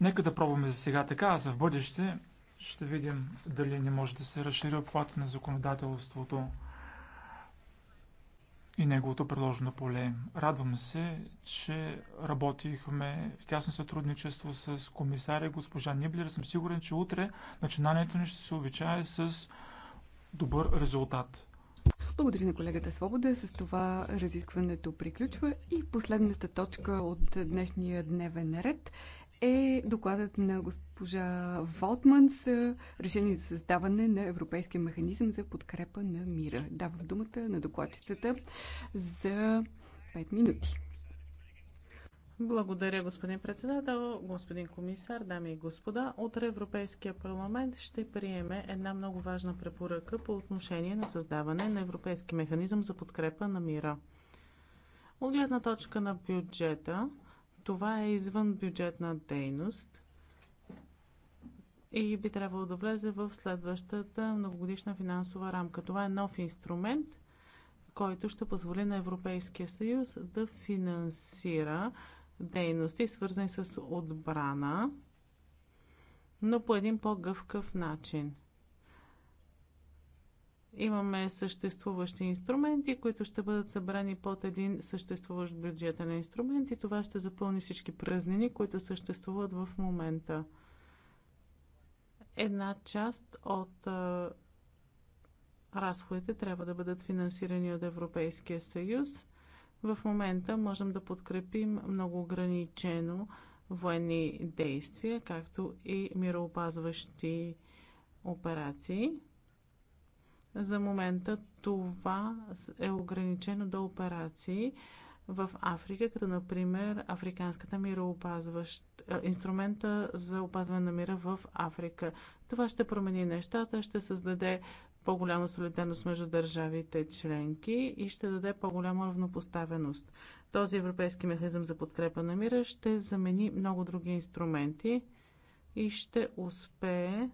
[SPEAKER 6] нека да пробваме за сега така, а за в бъдеще ще видим дали не може да се разшири обхвата на законодателството и неговото приложено поле. Радвам се, че работихме в тясно сътрудничество с комисаря госпожа Ниблер. Съм сигурен, че утре начинанието ни ще се увечае с добър резултат.
[SPEAKER 5] Благодаря на колегата Свобода. С това разискването приключва и последната точка от днешния дневен ред е докладът на госпожа Волтман с решение за създаване на Европейския механизъм за подкрепа на мира. Давам думата на докладчицата
[SPEAKER 7] за 5 минути. Благодаря, господин председател, господин комисар, дами и господа. Утре Европейския парламент ще приеме една много важна препоръка по отношение на създаване на Европейски механизъм за подкрепа на мира. От гледна точка на бюджета, това е извън бюджетна дейност и би трябвало да влезе в следващата многогодишна финансова рамка. Това е нов инструмент, който ще позволи на Европейския съюз да финансира дейности, свързани с отбрана, но по един по-гъвкав начин. Имаме съществуващи инструменти, които ще бъдат събрани под един съществуващ бюджетен инструмент и това ще запълни всички празнини, които съществуват в момента. Една част от а, разходите трябва да бъдат финансирани от Европейския съюз. В момента можем да подкрепим много ограничено военни действия, както и мироопазващи операции. За момента това е ограничено до операции в Африка, като например Африканската мироопазващ е, инструмента за опазване на мира в Африка. Това ще промени нещата, ще създаде по-голяма солидарност между държавите членки и ще даде по-голяма равнопоставеност. Този европейски механизъм за подкрепа на мира ще замени много други инструменти и ще успее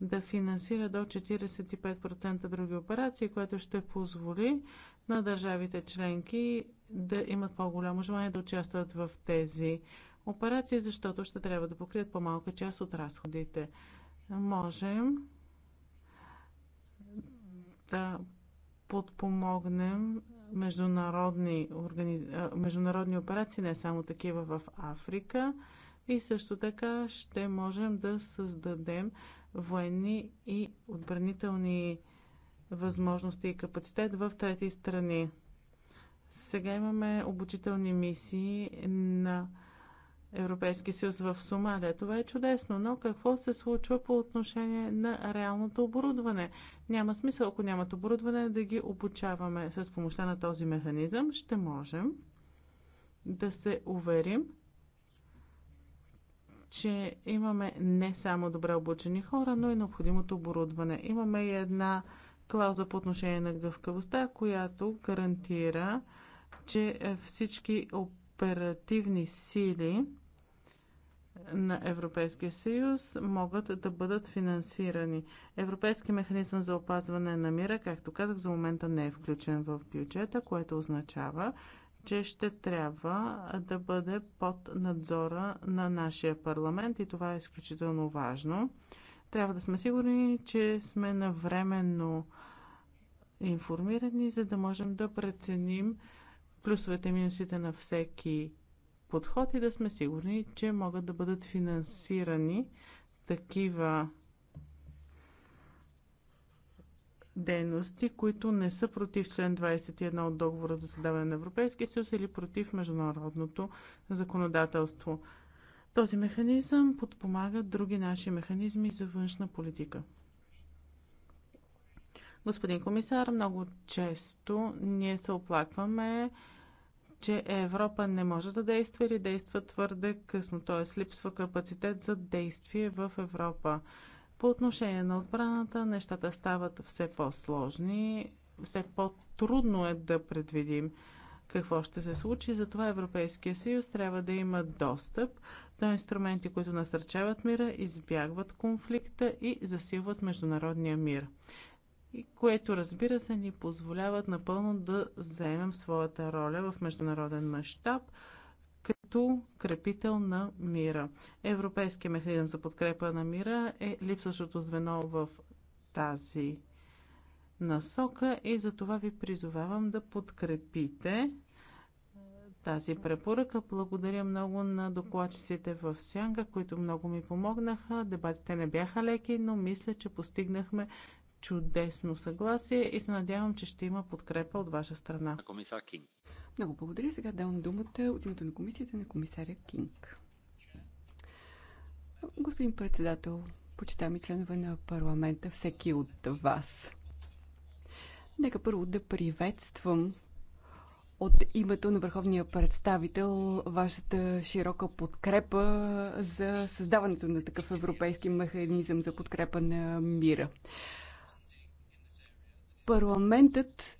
[SPEAKER 7] да финансира до 45% други операции, което ще позволи на държавите членки да имат по-голямо желание да участват в тези операции, защото ще трябва да покрият по-малка част от разходите. Можем да подпомогнем международни, организ... международни операции, не само такива в Африка. И също така ще можем да създадем военни и отбранителни възможности и капацитет в трети страни. Сега имаме обучителни мисии на Европейския съюз в Сомалия. Това е чудесно, но какво се случва по отношение на реалното оборудване? Няма смисъл, ако нямат оборудване, да ги обучаваме. С помощта на този механизъм ще можем да се уверим, че имаме не само добре обучени хора, но и необходимото оборудване. Имаме и една клауза по отношение на гъвкавостта, която гарантира, че всички оперативни сили на Европейския съюз могат да бъдат финансирани. Европейски механизъм за опазване на мира, както казах, за момента не е включен в бюджета, което означава, че ще трябва да бъде под надзора на нашия парламент и това е изключително важно. Трябва да сме сигурни, че сме навременно информирани, за да можем да преценим плюсовете и минусите на всеки подход и да сме сигурни, че могат да бъдат финансирани такива дейности, които не са против член 21 от договора за създаване на Европейския съюз или против международното законодателство. Този механизъм подпомага други наши механизми за външна политика. Господин комисар, много често ние се оплакваме, че Европа не може да действа или действа твърде късно, т.е. липсва капацитет за действие в Европа. По отношение на отбраната, нещата стават все по-сложни, все по-трудно е да предвидим какво ще се случи. Затова Европейския съюз трябва да има достъп до инструменти, които насърчават мира, избягват конфликта и засилват международния мир. И което разбира се ни позволяват напълно да заемем своята роля в международен мащаб – като крепител на мира. Европейския механизъм за подкрепа на мира е липсващото звено в тази насока и за това ви призовавам да подкрепите тази препоръка. Благодаря много на докладчиците в Сянга, които много ми помогнаха. Дебатите не бяха леки, но мисля, че постигнахме чудесно съгласие и се надявам, че ще има подкрепа от ваша страна.
[SPEAKER 4] Комисар Кинг.
[SPEAKER 7] Много благодаря. Сега давам думата от името на комисията на комисаря Кинг.
[SPEAKER 5] Господин председател, почитаме членове на парламента, всеки от вас. Нека първо да приветствам от името на върховния представител вашата широка подкрепа за създаването на такъв европейски механизъм за подкрепа на мира. Парламентът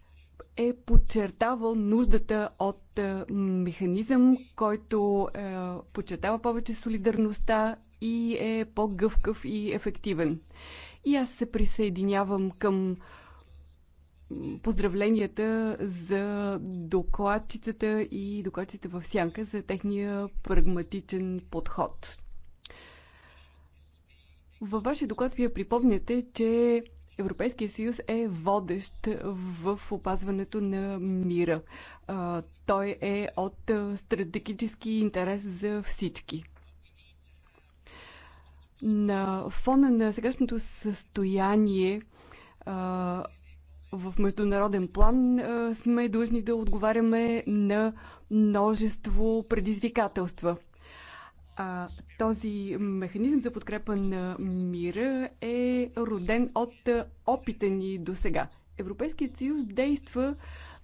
[SPEAKER 5] е подчертавал нуждата от е, механизъм, който е, подчертава повече солидарността и е по-гъвкав и ефективен. И аз се присъединявам към поздравленията за докладчицата и докладчицата в сянка за техния прагматичен подход. Във вашия доклад вие припомняте, че Европейския съюз е водещ в опазването на мира. Той е от стратегически интерес за всички. На фона на сегашното състояние в международен план сме длъжни да отговаряме на множество предизвикателства – а, този механизъм за подкрепа на мира е роден от опита ни до сега. Европейският съюз действа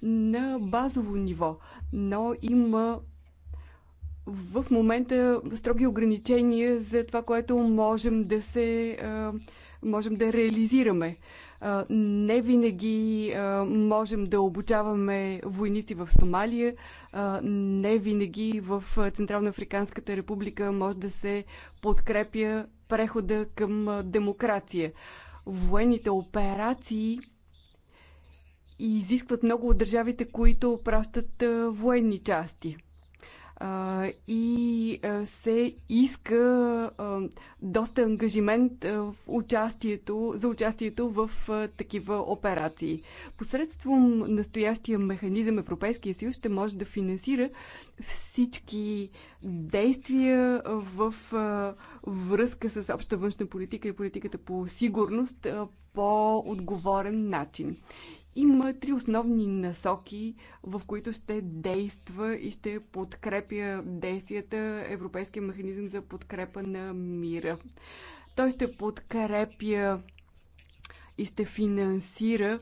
[SPEAKER 5] на базово ниво, но има в момента строги ограничения за това, което можем да се можем да реализираме. Не винаги можем да обучаваме войници в Сомалия, не винаги в Централноафриканската република може да се подкрепя прехода към демокрация. Военните операции изискват много от държавите, които пращат военни части и се иска доста ангажимент в участието, за участието в такива операции. Посредством настоящия механизъм Европейския съюз ще може да финансира всички действия в връзка с обща външна политика и политиката по сигурност по отговорен начин. Има три основни насоки, в които ще действа и ще подкрепя действията Европейския механизъм за подкрепа на мира. Той ще подкрепя и ще финансира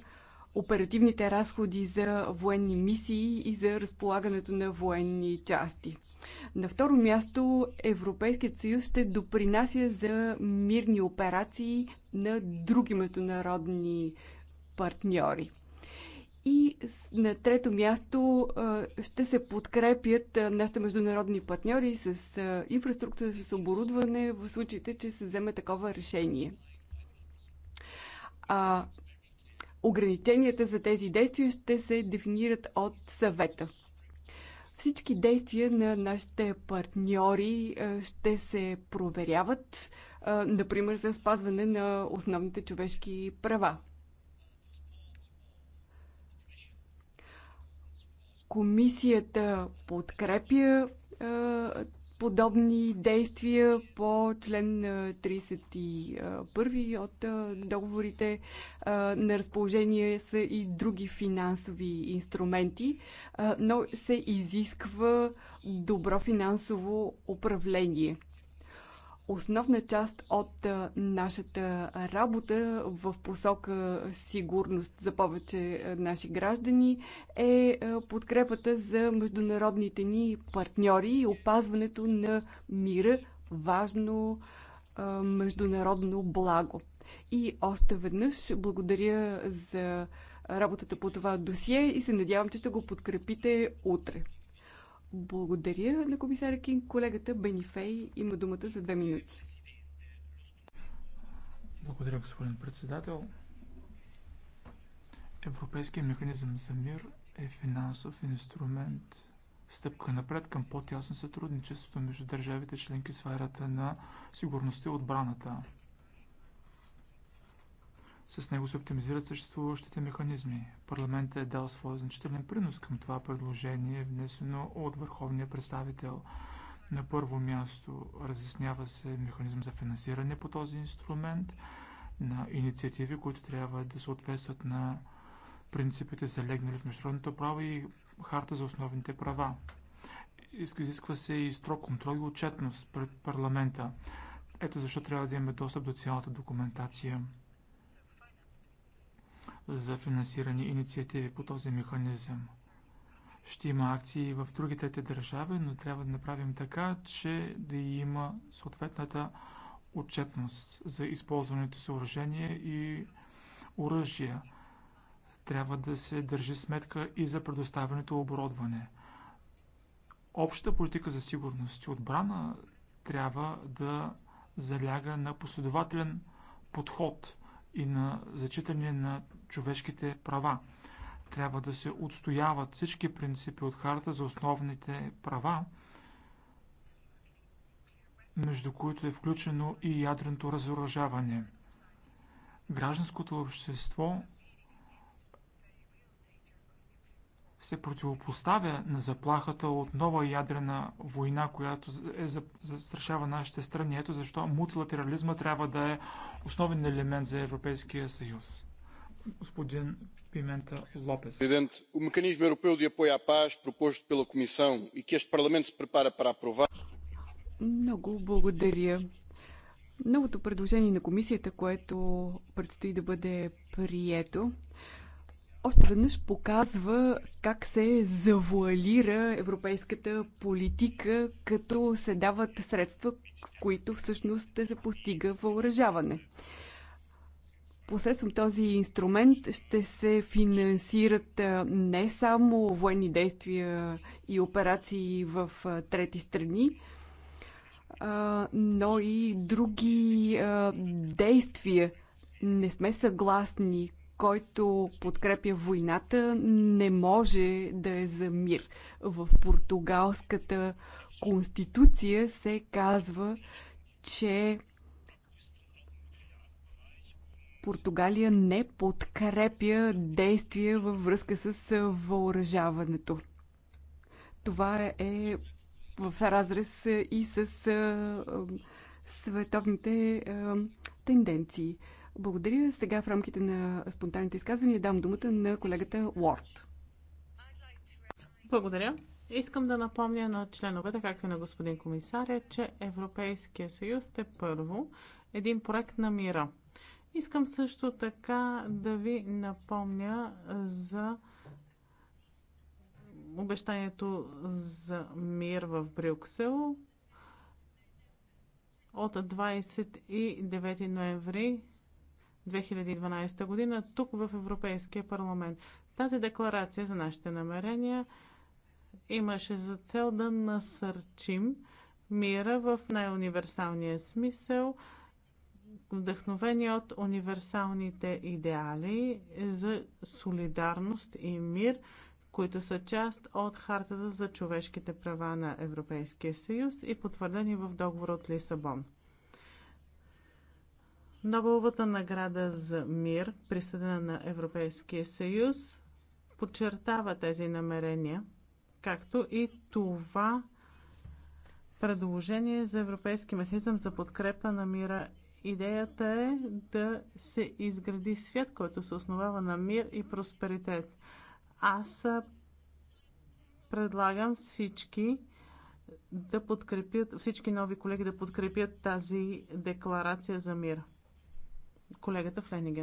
[SPEAKER 5] оперативните разходи за военни мисии и за разполагането на военни части. На второ място Европейският съюз ще допринася за мирни операции на други международни партньори. И на трето място ще се подкрепят нашите международни партньори с инфраструктура, с оборудване в случаите, че се вземе такова решение. А, ограниченията за тези действия ще се дефинират от съвета. Всички действия на нашите партньори ще се проверяват, например, за спазване на основните човешки права. Комисията подкрепя подобни действия по член 31 от договорите. На разположение са и други финансови инструменти, но се изисква добро финансово управление основна част от нашата работа в посока сигурност за повече наши граждани е подкрепата за международните ни партньори и опазването на мира, важно международно благо. И още веднъж благодаря за работата по това досие и се надявам, че ще го подкрепите утре. Благодаря на комисаря Кинг. Колегата Бенифей има думата за две минути.
[SPEAKER 6] Благодаря, господин председател. Европейският механизъм за мир е финансов инструмент, стъпка напред към по-тясно сътрудничеството между държавите членки в сферата на сигурността и отбраната. С него се оптимизират съществуващите механизми. Парламентът е дал своя значителен принос към това предложение, внесено от върховния представител. На първо място разяснява се механизъм за финансиране по този инструмент на инициативи, които трябва да съответстват на принципите залегнали в международното право и харта за основните права. Изисква се и строг контрол и отчетност пред парламента. Ето защо трябва да имаме достъп до цялата документация за финансиране инициативи по този механизъм. Ще има акции в другите те държави, но трябва да направим така, че да има съответната отчетност за използваните съоръжения и оръжия. Трябва да се държи сметка и за предоставеното оборудване. Общата политика за сигурност и отбрана трябва да заляга на последователен подход и на зачитане на човешките права. Трябва да се отстояват всички принципи от харта за основните права, между които е включено и ядреното разоръжаване. Гражданското общество се противопоставя на заплахата от нова ядрена война, която е застрашава нашите страни. Ето защо мултилатерализма трябва да е основен елемент за Европейския съюз. Господин Pimenta Lopes.
[SPEAKER 4] Presidente, o mecanismo europeu de apoio à paz proposto pela Comissão e que este Parlamento се prepara para aprovar.
[SPEAKER 6] Много
[SPEAKER 5] благодаря. Новото предложение на комисията, което предстои да бъде прието, още веднъж показва как се завуалира европейската политика, като се дават средства, с които всъщност се постига въоръжаване. Посредством този инструмент ще се финансират не само военни действия и операции в трети страни, но и други действия. Не сме съгласни, който подкрепя войната, не може да е за мир. В португалската конституция се казва, че Португалия не подкрепя действия във връзка с въоръжаването. Това е в разрез и с световните тенденции. Благодаря. Сега в рамките на спонтанните изказвания дам думата на колегата Уорд.
[SPEAKER 7] Благодаря. Искам да напомня на членовете, както и на господин комисаря, че Европейския съюз е първо един проект на мира – Искам също така да ви напомня за обещанието за мир в Брюксел от 29 ноември 2012 година тук в Европейския парламент. Тази декларация за нашите намерения имаше за цел да насърчим мира в най-универсалния смисъл – вдъхновени от универсалните идеали за солидарност и мир, които са част от Хартата за човешките права на Европейския съюз и потвърдени в договора от Лисабон. Нобеловата награда за мир, присъдена на Европейския съюз, подчертава тези намерения, както и това предложение за Европейски механизъм за подкрепа на мира Идеята е да се изгради свят, който се основава на мир и просперитет. Аз предлагам всички да подкрепят, всички нови колеги да подкрепят тази декларация за мир. Колегата Флениген.